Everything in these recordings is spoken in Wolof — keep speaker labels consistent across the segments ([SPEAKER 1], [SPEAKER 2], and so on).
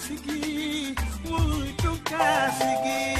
[SPEAKER 1] Kasigi, would you Kasigi?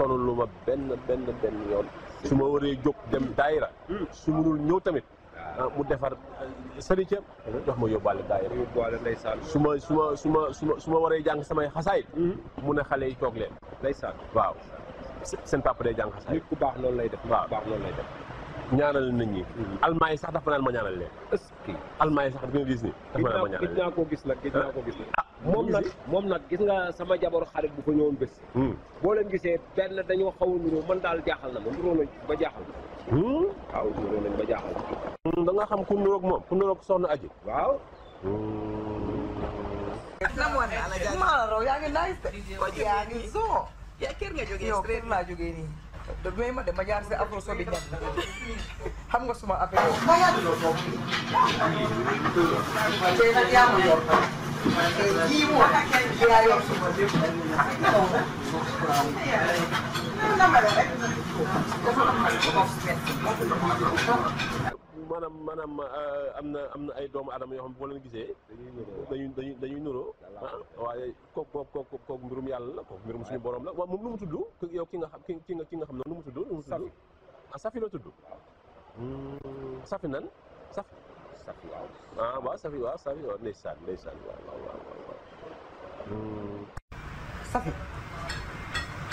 [SPEAKER 2] lu ma benn benn benn yoon su ma waree jóg dem daayira su munul ñëw tamit ah, mu defar eh, sëriñam jox ma yóbbaale daayira su ma su ma su ma su ma su ma waree jàng samay xasaay mhm. mu ne xale yi toog leen ndeysaan waaw seen papa day jàng xasaay nit ku baax loolu lay def waaw baax loolu lay def ñaanal nit ñi mhm. almaa sax dafa naan ma ñaanal leen almaa yi sax dafa nga gis ni dafa naan ma ñaanal leen gis naa ko gis nag moom nag moom nag gis nga sama jabar xarit bu ko ñëwoon bés. Hmm. boo leen gisee benn dañoo xaw nuroo man daal jaaxal na ma nuroo nañ ba jaaxal na. Hmm. waaw nuroo nañ ba hmm, nga xam ku nuroog moom ku nuroog soxna aji. waaw.
[SPEAKER 3] maa de. yaa ngi zoo. yaa nga jógee yow ma dem ma jaar si afro so suma affaire. kii moom
[SPEAKER 2] maanaam euh, am na am na ay doomu aadama yoo xam ne boo leen gisee. dañuy nuroo. waaw ah, waaye kooku kooku mbirum yàlla la kooku mbirum suñu borom la waaw moom nu mu tudd yow ki nga xam ki nga ki nga xam ne nu mu tudd. nu mu tudd Safi ah Safi hmm, Safi nan Safi. Safi waaw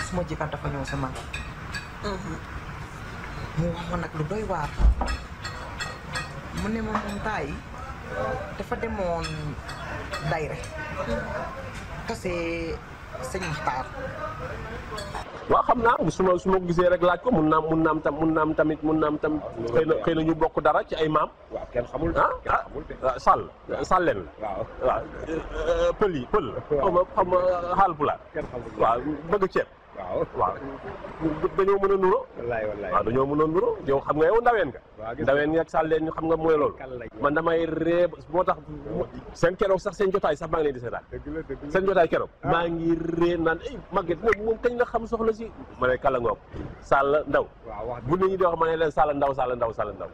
[SPEAKER 4] suma jëkkër dafa ñëw si man. Mm-hmm. mu wax ma nag lu doy waar. mu ne ma moom taay
[SPEAKER 3] dafa demoon dayre. Mm-hmm. tase sëñ
[SPEAKER 2] Maxtaar. waaw xam naa su ma su ma ko gisee rek laaj ko mun naam mun naam tam mun naam tamit mun naam tamit xëy na xëy na ñu bokk dara ci ay maam waaw kenn xamul ah ah, ah sàll euh, pël yi pël xam ma xaw ma xaal pulaar waaw bëgg ceeb waaw waaw dañoo mën a nuroo wallaay wallaay waaw dañoo mën a nuroo yow xam nga yow ndaween nga ndaween nga ak leen ñu xam nga mooy loolu man damay ree moo tax seen keroog sax seen jotaay sax maa ngi leen di seetaan seen jotaay keroog ah. maa ngi ree naan ay màgget ne moom kañ la xam soxla si ma ne kala ngoog sàll ndaw bu nit ñi di wax ma ne leen sàll ndaw sàll ndaw sàll ndaw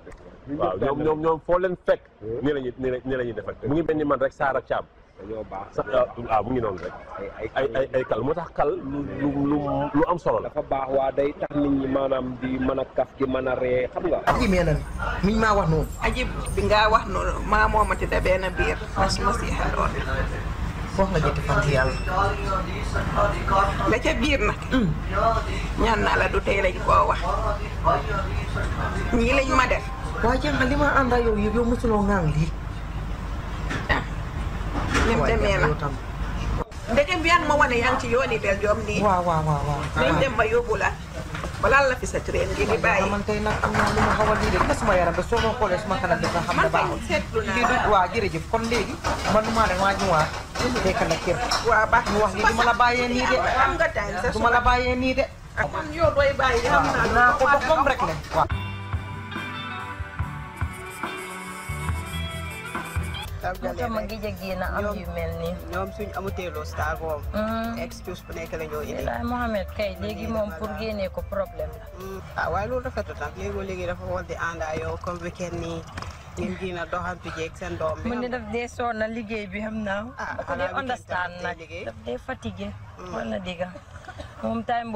[SPEAKER 2] waaw ñoom ñoom ñoom foo leen fekk nii eh? lañuy nii la ñuy defal mu ngi mel ni man rek saar ak caam dañoo baax ah bu ah, ngi noonu rek. ay ay ay kal moo tax kal lu lu am solo la. dafa baax waa day tax nit ñi maanaam di mën a kaf gi mën a ree xam nga.
[SPEAKER 4] aji mee na mi maa wax noonu. aji bi ngaa wax noonu maa moo ma ci dabee na biir mas ma si xeloon. foofu nga jënd fan yàlla. la ca biir na hmm. ñaan naa la du tey lañ koo wax. ñii lañ ma
[SPEAKER 3] def. waaye jàng li ma ànd ak yow yow mosuloo ngaa lii.
[SPEAKER 4] ni mu demee la ndegem bi yaa ngi ma wane yaa ngi ci yooni bel joom nii. waaw
[SPEAKER 1] waaw waaw waaw. nañ dem
[SPEAKER 4] ba yóbbu la. balaa la fi sa train gi di bàyyi. man tey nag am naa lu ma xaw a lii de suma yaram ba soo ma xoolee suma kanam bi nga xam ne baaxul. man seetlu naa waaw jërëjëf kon léegi man maa dem maa ñëwaat. fekk na kër. waaw baax ñu wax ni du ma la bàyyee nii de. am nga time sa du ma la bàyyee nii de. man yow doy bàyyi xam naa ko ba rek la waaw. tàmbalee ma gis
[SPEAKER 3] génn am yu mel
[SPEAKER 4] nii. ñoom suñ amuteeloo bu nekk la ñoo
[SPEAKER 3] indi. moom pour génnee ko problème
[SPEAKER 4] mm. la. ah ak mm. ah, léegi di ànd ak yow comme weekend nii. ngeen génn doxantu jeeg seen doom bi. mu ne ah, daf
[SPEAKER 3] dee sonn na liggéey bi xam naa. ah xanaa bi mm. understand nag daf dee fatigué. wala dégg nga moom time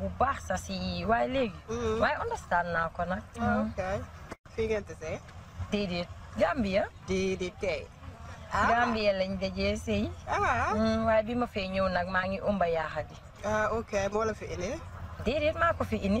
[SPEAKER 3] bu baax sax si waaye léegi. waaye understand naa ko nag. Ah, ok fii ngeen
[SPEAKER 4] déedéet Gambia. déedéet kay.
[SPEAKER 3] ah Gambia lañ dajee sëy. Ah. Mm, waaye bi ma fee ñëw nag maa ngi ëmba yaaxa di.
[SPEAKER 4] ah moo la fi indi.
[SPEAKER 3] déedéet maa ko fi indi.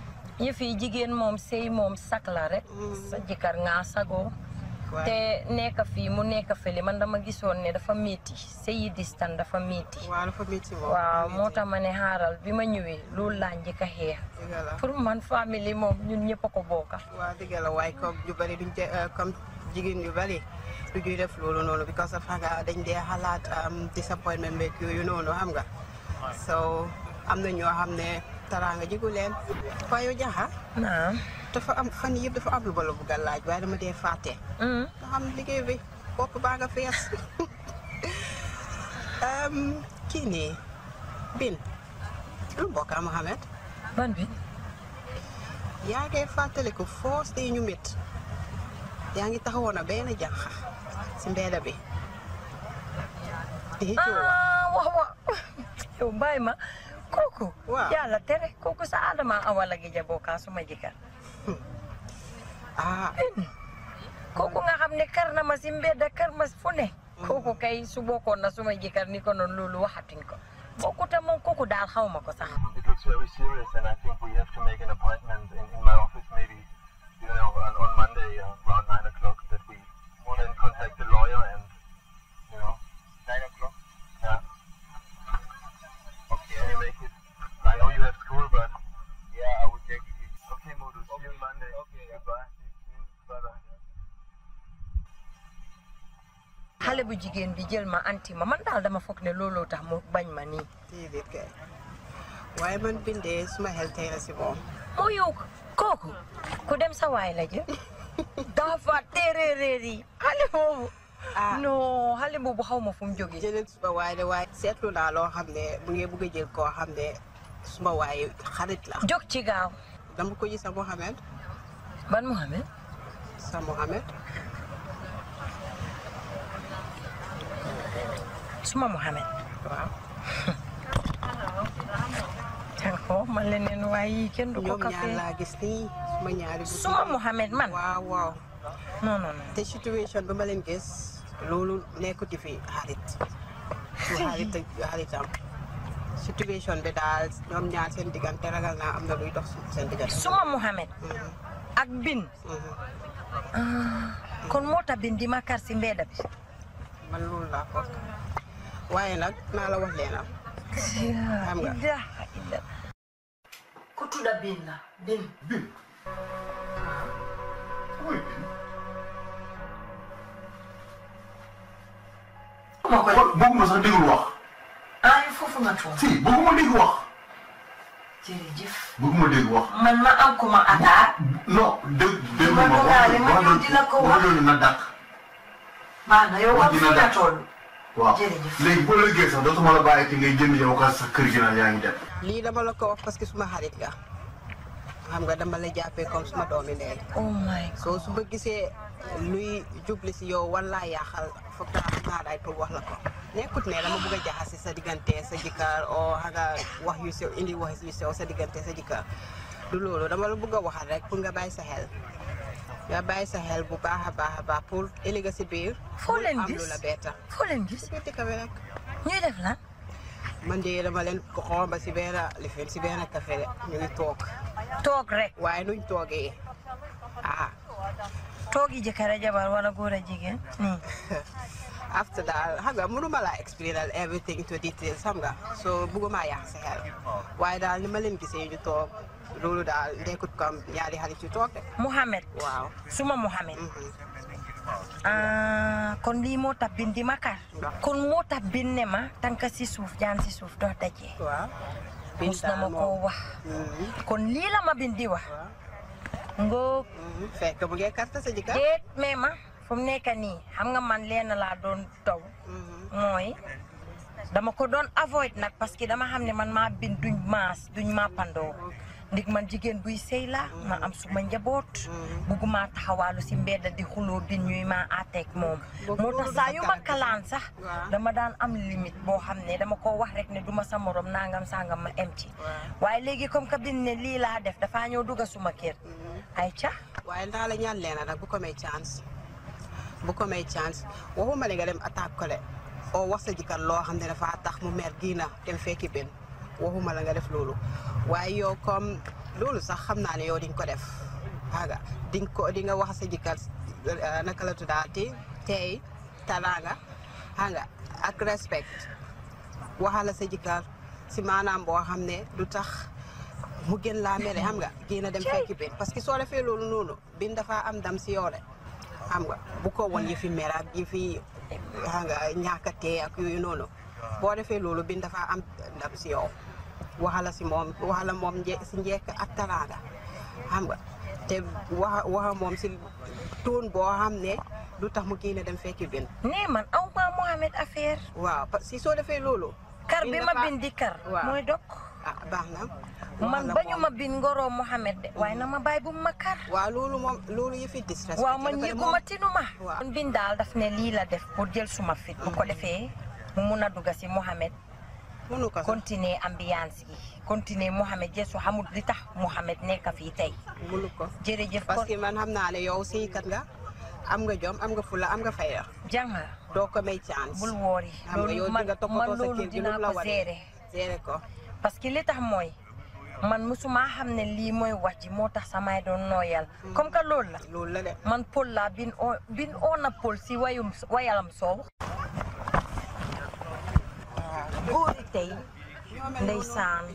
[SPEAKER 3] yëf yi jigéen moom sëy moom sak la rek mm. sa jëkkër ngaa te nekk fii mu nekk fële man dama gisoon ne dafa métti sëyi distan dafa métti waaw moo tax ma ne xaaral bi ma ñëwee loolu laa njëkk a xeex pour man famille
[SPEAKER 4] moom ñun ñëpp a ko bokka waaw dëgg la waaye comme ñu bari duñ te euh, comme jigéen yu bari du ñuy def loolu noonu because of xam nga dañ dee xalaat disappointment meeg yooyu noonu xam nga so am na ñoo xam ne taraanga jegu leen waaye jaxa naam dafa am fan yëpp dafa am lu ma la bëgg a laaj waaye dama dee fàtte mm-hmm. nga xam liggéey bi bopp baa nga fees kii nii bin lu mbokk am Mohamed ban bi yaa ngi fàttaliku foos day ñu mit yaa ngi taxawoon a benn jànq si mbeeda bi di ah,
[SPEAKER 3] yow bàyyi ma kooku. waaw yàlla tere kooku sa Adama Awala Gija boo kaa suma jëkkër. Hmm. ah. nga xam ne kar na ma si mbedd kar ma fu ne. kay su bokkoon na suma jëkkër ni ko noonu loolu waxatuñ ko. kooku tam moom kooku daal xaw ko sax. jigéen bi jël ma anti ma man daal dama foog ne looloo tax mu bañ ma nii.
[SPEAKER 4] waaye man bindee suma xel tey la si moom.
[SPEAKER 3] mu oh, yow kooku ku dem sa waay la jël dafa teeree reer
[SPEAKER 4] yi xale boobu. ah non xale boobu xaw ma fu jógee. suma waay waaye seetlu naa loo xam ne bu ngeen bëgg jël koo xam ne suma waay xarit la. jóg ci gaaw. dama ko gis sa Mohamed. ban Mohamed. sa Mohamed. suma Mouhamed waaw.
[SPEAKER 3] jànkoo ma leneen waaye kenn du ko ñoom
[SPEAKER 4] gis nii suma ñaari. suma Mouhamed man waaw waaw. non non non te situation bi leen gis loolu nekkuti fi xarit. su xarit xaritam. situation bi daal ñoom ñaar seen diggante ragal naa am na luy dox suma Mouhamed. Mm-hmm. ak bin. Mm-hmm. Ah, kon
[SPEAKER 3] moo tax bin di kar si mbedd bi.
[SPEAKER 4] loolu laa waaye nag naa la wax leena xam ku tudda bin
[SPEAKER 3] la
[SPEAKER 2] bin bin bëgguma sax déglu wax
[SPEAKER 3] ah foofu nga toog wax jërëjëf
[SPEAKER 2] bëgguma déglu wax
[SPEAKER 3] man ma am ku ma ataar
[SPEAKER 2] non dégg déglu ma wax ma dina ko wax loolu na dàq
[SPEAKER 4] maanaam yow wax fi nga toll
[SPEAKER 2] waaw léegi la bàyyi
[SPEAKER 4] lii dama la ko wax parce que suma xarit nga xam nga dama la jàppee comme suma doomi ndey. oh my soo su ma gisee luy jubli si yow wala yaaxal foog naa daay wax la ko. nekkut ne dama bëgg a jaxase sa diggante sa jëkkër oo xaga wax yu sew indi wax yu sew sa diggante sa jëkkër du loolu dama la bëgg a waxal rek pour nga bàyyi sa xel. nga bàyyi sa bu baax a baax a baax pour ëllëg si biir. foo leen gis la beeta.
[SPEAKER 3] foo leen gis rek. ñuy def la
[SPEAKER 4] man de dama leen xomba si benn lifin si benn café ñu ngi toog. toog rek. waaye nuñ toogee ah. toogi jëkkër a jabar wala góor a jigéen nii. after that xam nga mënuma la explain everything to detail xam so bëgguma yàq sa xel waaye daal ni ma leen gisee ñu toog. loolu daal nekkut ko am suma Mouhamed. Mhm.
[SPEAKER 3] Ah, kon lii moo tax bindi ma kar kon moo tax binne ma tànk si suuf jaan si suuf dox dajee. waaw mus na ma wax. Mhm. kon lii la ma bindi wax. ngóog. Mhm. fekk bu ngeen karta fu mu nekk nii xam nga man leen laa doon taw. mooy. dama ko doon avoid nag parce que dama xam ne man maa bind duñ maas duñ maa pandoo. ndig man jigéen buy sëy la ma am suma njaboot mm-hmm. bugguma taxawaalu si mbedd di xuloo di ñuy ma àtteeg moom moo tax saa ma kalaan sax dama daan am limite boo xam ne dama ko wax rek ne duma sa morom nangam sangam ma em ci waaye léegi comme que bin lii laa def
[SPEAKER 4] dafaa ñëw dugg suma kër mm-hmm. ay ca waaye ndaa la ñaan leena nag bu ko chance bu ko may chance waxuma la wax sa jikkat loo xam ne dafa tax mu meer giina dem fekki benn waxuma la nga def loolu waaye yow comme loolu sax xam naa ne yow di ko def aga di ko di nga wax sa jëkkër euh, naka la tuddaati tey talaanga nga ak respect waxala sa jëkkër si maanaam boo xam ne du tax mu gën laa mere xam nga génn dem fekki bin parce que soo defee loolu noonu bin dafa am dam si yow de xam nga bu ko woon ak yi fi xam nga ñàkk ak yooyu noonu boo defee loolu bin dafa am dam si yow waxala si moom waxala moom si njekk ak taraanga xam nga te waxa moom si tuun boo xam ne du tax mu kii génn dem fekki bin nee man aw ma
[SPEAKER 3] Mohamed affaire
[SPEAKER 4] waaw parce soo defee loolu
[SPEAKER 3] kar bi ma bindi kar mooy dog ah baax man bañu ma bin ngoroo Mohamed de waaye na ma bàyyi bu ma kar waaw loolu moom loolu yëfi disrespect waaw man yëguma tinuma bin daal daf ne lii def pour jël suma fit bu ko defee mu mun a dugg si Mohamed continuer ambiance bi continuer Mouhamed Jesu xamul li tax Mouhamed nekk fii tey. mënu
[SPEAKER 4] ko jërëjëf parce man xam naa ne yow sëykat nga am nga jom am nga la am nga fayda. jàng doo ko may chance. bul
[SPEAKER 3] woori loolu man man loolu dinaa ko seere. seere ko parce que li tax mooy. man musuma xam ne lii mooy wax ci moo tax samay doon nooyal. Hmm. comme que loolu la. loolu man Poul la bin oo na Poul si wayum wayalam soow.
[SPEAKER 4] góor yi tey
[SPEAKER 3] ndeysaan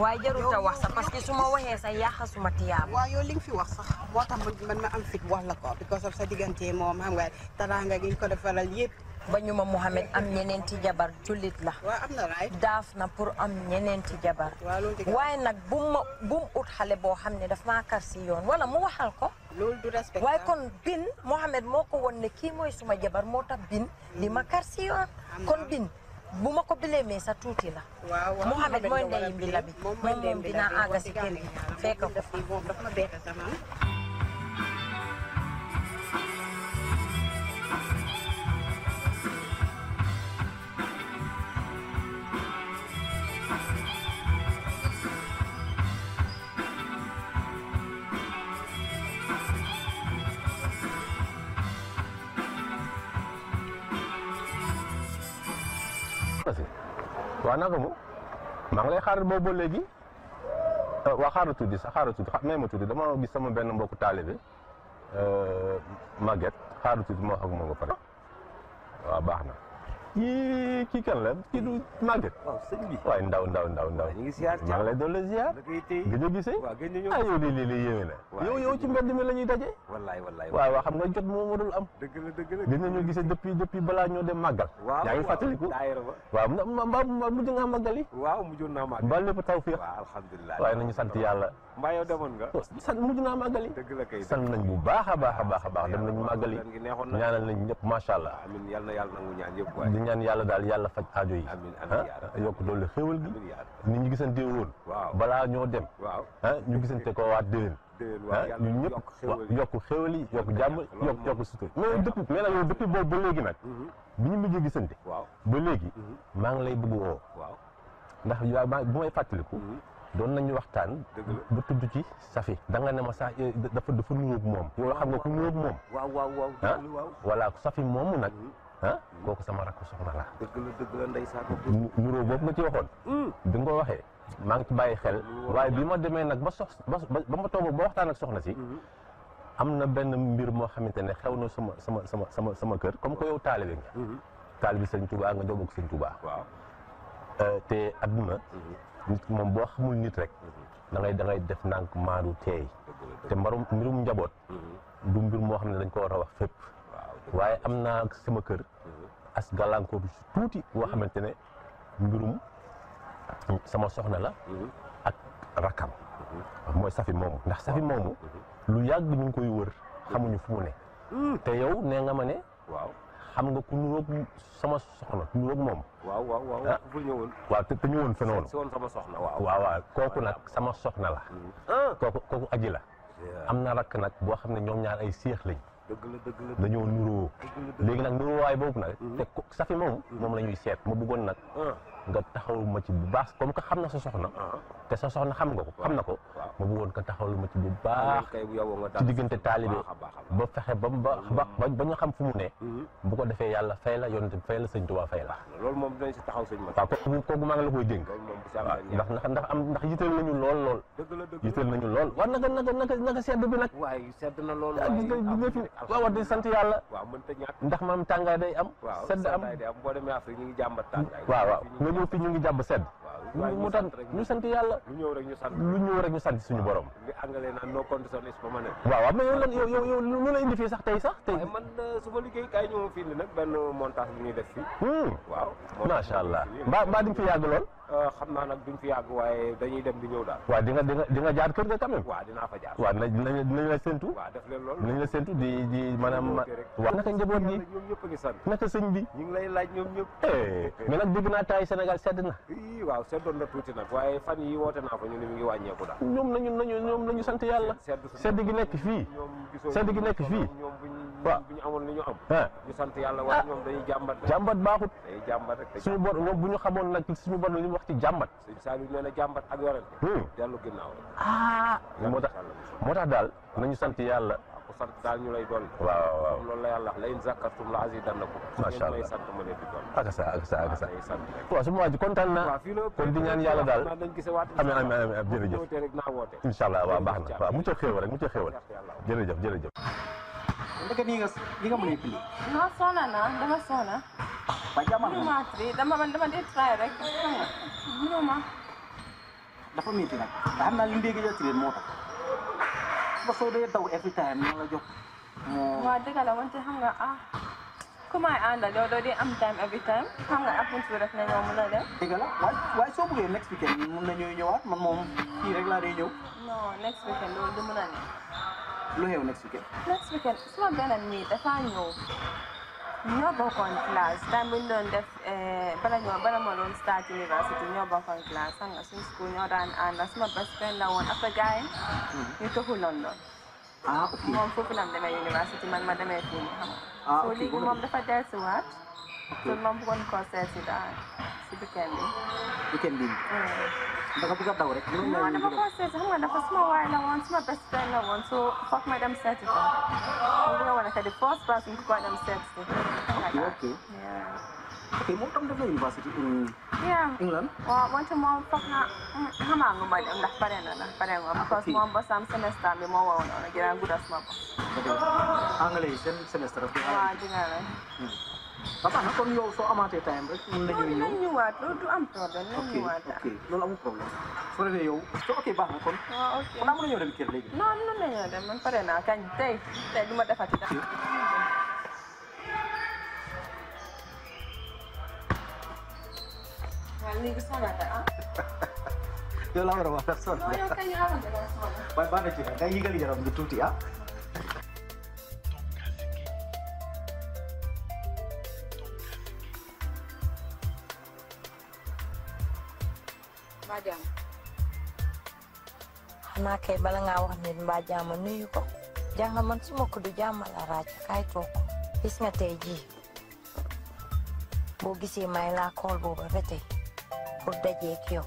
[SPEAKER 4] waaye jarut a wax sax parce que su ma waxee sax yàq suma tiyaab. waaw yow li nga fi wax sax moo tam man ma am fit wax la ko because of sa diggante moom xam nga taraanga gi ñu yëpp. ba ñu ma Mouhamed am ñeneenti jabar jullit la.
[SPEAKER 3] waaw am na raay daaf na pour am ñeneenti jabar. waaye nag bu ma bu ut xale boo xam ne daf maa kar yoon wala mu waxal ko. loolu du respect ko ah. kon mu Mouhamed moo ko won ne kii mooy suma jabar moo tax bin di ma kar si yoon kon bin. bu ma ko bileemee sa tuuti la.
[SPEAKER 4] waaw waaw Mouhamed mooy ndeyu mbila bi moom moom dina àgg si kër gi fekk ko.
[SPEAKER 2] waa naka mu maa ngi lay xaaral boobu ba léegi euh, waa xaaral tuuti sax xaaral tuuti may ma di dama gis sama benn mbokku taalibe euh, Maguette xaaral tuuti moo xam moom ba pare waaw baax na. kii kii kan la kii du màgget. waaw waaye ndaw ndaw ndaw ndaw. ñu ngi ziar maa ngi lay la ziar. gëj a gisee. waaw gëj nañoo ah yow lii lii lii yéeme na. yow yow ci mbedd mi la ñuy daje.
[SPEAKER 4] wallaay wallaay
[SPEAKER 2] xam nga jot moo warul am.
[SPEAKER 4] dëgg la dëgg la gëj nañoo
[SPEAKER 2] gisee depuis depuis balaa ñoo dem màggal. waaw yaa ngi fàttaliku. waaw mbaa mujj nga màggal yi. waaw mujjoon naa màggal. mbaa lépp taw fii. waaw alhamdulilah waaye nañu sant yàlla. mbaa yow demoon nga. Oh, sant mujj naa bu baax a baax a baax a baax dem nañu màggal yi ñaanal nañ ñëpp macha allah. amiin ñaan yàlla daal yàlla faj aajo yi ah yokk doole xéwal gi nit ñi gisante woon balaa ñoo dem ah ñu gisante ko waa déwén ah ñun ñëpp yokk xéwal yi yokk jàmm yokk yokk sutur mais depuis mais nag yow depuis boobu ba léegi nag mhm. bi ñu mujjee gisante ba léegi mhm. maa ngi lay bëgg woo ndax yaa ma bu may fàttaliku mhm. doon nañu waxtaan ba tudd ci safi da nga ne ma sax eh, dafa dafa nuróog moom yow xam nga ku nuróog moom ah safi moomu nag ah kooku sama rakk soxna la. nuroo boobu ma ci waxoon. bi hmm. nga waxee maa ngi ci bàyyi xel. waaye bi ma demee nag ba sox ba ba ma toog ba waxtaan ak soxna si. Hmm. am na benn mbir moo xamante ne xew na sama sama sama sama sama kër comme que yow taalibe nga. Hmm. taalibe sëñ Touba nga jóg ak sëñ Touba. waaw euh, te adduna. nit moom boo xamul nit rek. da ngay def ndànk maadu teey. te mbarum mbirum njaboot. du mbir moo xam ne dañ ko war a wax fépp. waaye am naa sama kër as gàllankoor bi tuuti boo xamante ne mbirum sama soxna la ak rakkam mooy safi moomu ndax safi moomu lu yàgg ñu koy wër xamuñu fu mu ne te yow nee nga ma ne waaw xam nga ku nuroog sama soxna moom waaw waaw waaw bu ah. ñëwoon waaw sama soxna waaw kooku nag sama soxna la mm-hmm. kooku kooku aji la am na rakk nag boo xam ne ñoom ñaar ay séex lañ dëgg la dëgg la dañoo nuróo léegi nag nuróowaay boobu nag hmm. te safi moom hmm. moom la ñuy seet ma bëggoon nag ah. nga taxawul ma ci bu baax comme que xam na sa soxna. Ah. te sa soxna xam nga ko xam na ko. ma bëggoon nga taxawul ma ci bu baax. ci diggante taalibe ba fexe ba mm-hmm. ba ba ñu xam fu mu ne. Mm-hmm. bu ko defee yàlla fay la yonent fay la sëñ Tuubaa fay la. loolu moom dinañ si ma. waaw kooku kooku maa ngi la koy dénk. ndax ndax ndax am ndax yitteel nañu lool lool. yitteel nañu lool waaw naka naka sedd bi nag. waaye sedd na lool waaye gis nga fi waaw war di sant yàlla. ndax maam tàngaay day am. sedd am waaw ñëw fii ñu ngi jàmm sedd mu tan ñu sant yàlla lu ñëw rek ñu sant lu ñëw ñu sant suñu borom li anglais no condition is permanent waaw mais yow lan yow yow yow lu la indi fii sax tey sax tey man euh, suma liggéey kaay ñoo fi indi nag benn montage bi ñuy def fii hmm. waaw macha allah mbaa mbaa di fi yàgg lool Euh, xam naa nag duñ fi yàgg waaye dañuy dem di ñëw daal waaw di nga di nga di nga jaar kër ga quand même waaw dinaa fa jaar la séntu waaw def leen di di maanaam waaw naka njaboot gi a ngi naka sëñ bi ñu ngi lay laaj ñoom ñëpp eh, taay Sénégal sedd na waaw seddoon na tuuti nag waaye fan yi woote naa fa ñu ne mi ngi wàññeeku daal ñoom nañu nañu ñoom nañu sant yàlla sedd gi nekk fii sedd gi nekk fii waaw ah. bu ñu amoon li ñu am ah. ñu baaxut suñu bor bu ñu xamoon nag suñu bor wax ci jàmbat. sëñ Saliou nee na jàmbat ak yoreel. Hmm. dellu ginnaaw ah moo tax moo tax daal nañu sant yàlla. ku sant daal ñu lay dolli. waaw waaw loolu la yàlla wax la in zakartum la azidannakum. macha allah sant ma leen di dolli. ak sa ak sa ak sa waaw su ma waa ji kontaan naa. kon di ñaan yàlla daal. amiin amiin amiin jërëjëf. incha allah waaw baax na waaw mucc xéewal rek mucc xéewal jërëjëf jërëjëf. ndeke nii nga nii nga mën a fili.
[SPEAKER 5] non sonn naa dama sonn. ba jamono mënuma firi dama man dama dee try rek xam nga mënuma.
[SPEAKER 2] dafa métti nag ndax xam naa li ndéegi yoo tiree moo tax ba soo dee daw every time ñu la jox.
[SPEAKER 5] waaw dëgg la wante xam nga ah ku may àndal yow doo dee am time every time xam nga ak buntu rek nañoo mën a dem.
[SPEAKER 4] dëgg la waaye waaye soo bëggee next weekend mën nañoo ñëwaat man moom fii rek laa dee ñëw.
[SPEAKER 5] non next weekend loolu du mën a ne.
[SPEAKER 4] lu next weekend.
[SPEAKER 5] next weekend suma ganam nii dafa ñëw ñoo bokkoon classe time bu ñu doon def bala ñoo start university ñoo bokkoon classe xam nga suñu school ñoo daan ànd suma best friend la woon après gars yi. ñu toxu London. ah ok moom foofu la mu demee university man ma demee fii nii xam moom dafa dellusiwaat. ok te ma bëggoon concert si daal si bi.
[SPEAKER 2] weekend da nga bëgg a daw rek. non dama ko
[SPEAKER 5] seeti xam nga dafa suma waay la woon suma best friend la woon so foog ma dem seeti ko. mu ngi wane que di first person ku ko dem seeti. ok
[SPEAKER 4] ok moom tam def na university in
[SPEAKER 5] England. waaw wante moom foog na xamaa nga ma dem ndax pare na ndax pare nga parce que moom ba sam semestre bi moo wawoon noonu gën a gudd suma ko. anglais seen semestre. waaw dina la. ba baax na kon yow soo amaatee time rek mën nañu ñëw ñëwaat loolu du am problème nañ ñëwaat ok loolu amul problème su ko defee yow so ok baax na kon ah, kon am na ñoo dem kër léegi non mën nañoo dem man pare naa kañ tey tey du ma defati dara waaw léegi sonata ah yow laa war a wax sax sonata waaye baax na ci nga yëgal yaram bi tuuti ah
[SPEAKER 4] mbaa jàmm
[SPEAKER 3] xanaa kay bala nga wax nit mbaa jàmm nuyu ko jàng man su ma ko du jàmmal a raac toog gis nga tey jii boo gisee may laa kool booba ba tey pour dajeek yow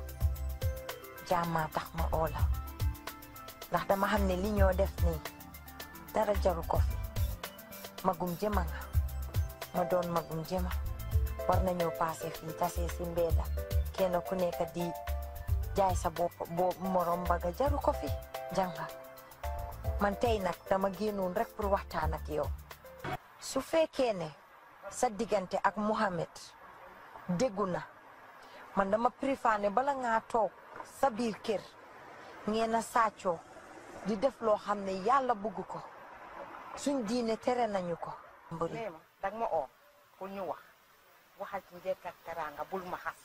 [SPEAKER 3] jàmmaa tax ma oola ndax dama xam ne li ñoo def nii dara jaru ko magum jëma nga ma doon magum jëma war nañoo paase fii tase si mbeeda kenn ku nekk di jaay sa bopp boo morom ba nga jaru ko fi jànga man tey nag dama génnoon rek pour waxtaan ak yow su fekkee ne sa diggante ak Muhammad déggu na man dama préfère bala ngaa toog sa biir kër ngeen a sàccoo di def loo xam ne yàlla bugg ko suñ diine tere nañu ko. mbëri
[SPEAKER 4] waxal ci njëkk ak teraanga bul ma xas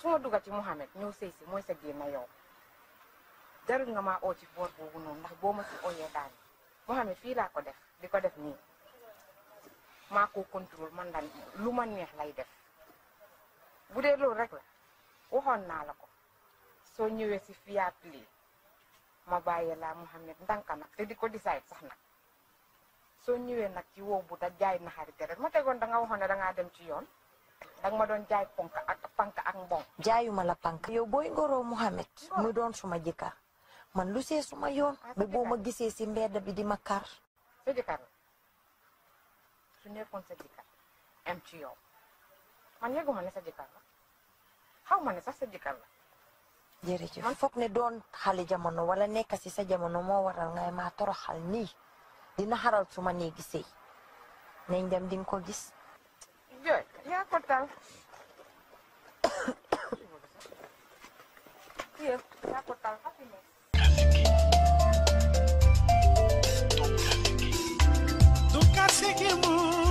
[SPEAKER 4] su ma dugga ci Mouhamed ñëw sëy si mooy sa génn yow jarul nga ma oo ci boor boobu noonu ndax boo ma si ooyee daan Mouhamed fii laa ko def di ko def nii maa ko man daan lu ma neex lay def bu dee loolu rek la waxoon naa la ko soo ñëwee si Fair Play ma bàyyi laa Mouhamed ndanka nag te di ko decide sax nag soo ñëwee nag ci wow bu da jaay naxarite rek ma tegoon da nga waxoon ne da dem ci yoon danga ma doon jaay ponk ak pank ak mbonk
[SPEAKER 3] jaayuma la pank yow booy ngoroo Mouhamed muy doon suma jëkkër man lu see suma yoon ah, ba boo ma gisee si mbedd bi di ma kar
[SPEAKER 4] sa jëkkër nekkoon sa yow man yëguma ma ne sax sa jëkkër
[SPEAKER 3] la man foog ne doon xale jamono wala nekk si sa jamono moo waral ngay maa toroxal nii dina xaral su ma néegi sëy nañ dem di ko gis
[SPEAKER 5] Yaa ko tal. Kii yaa ko tal happiness.
[SPEAKER 1] Do kasiki mo.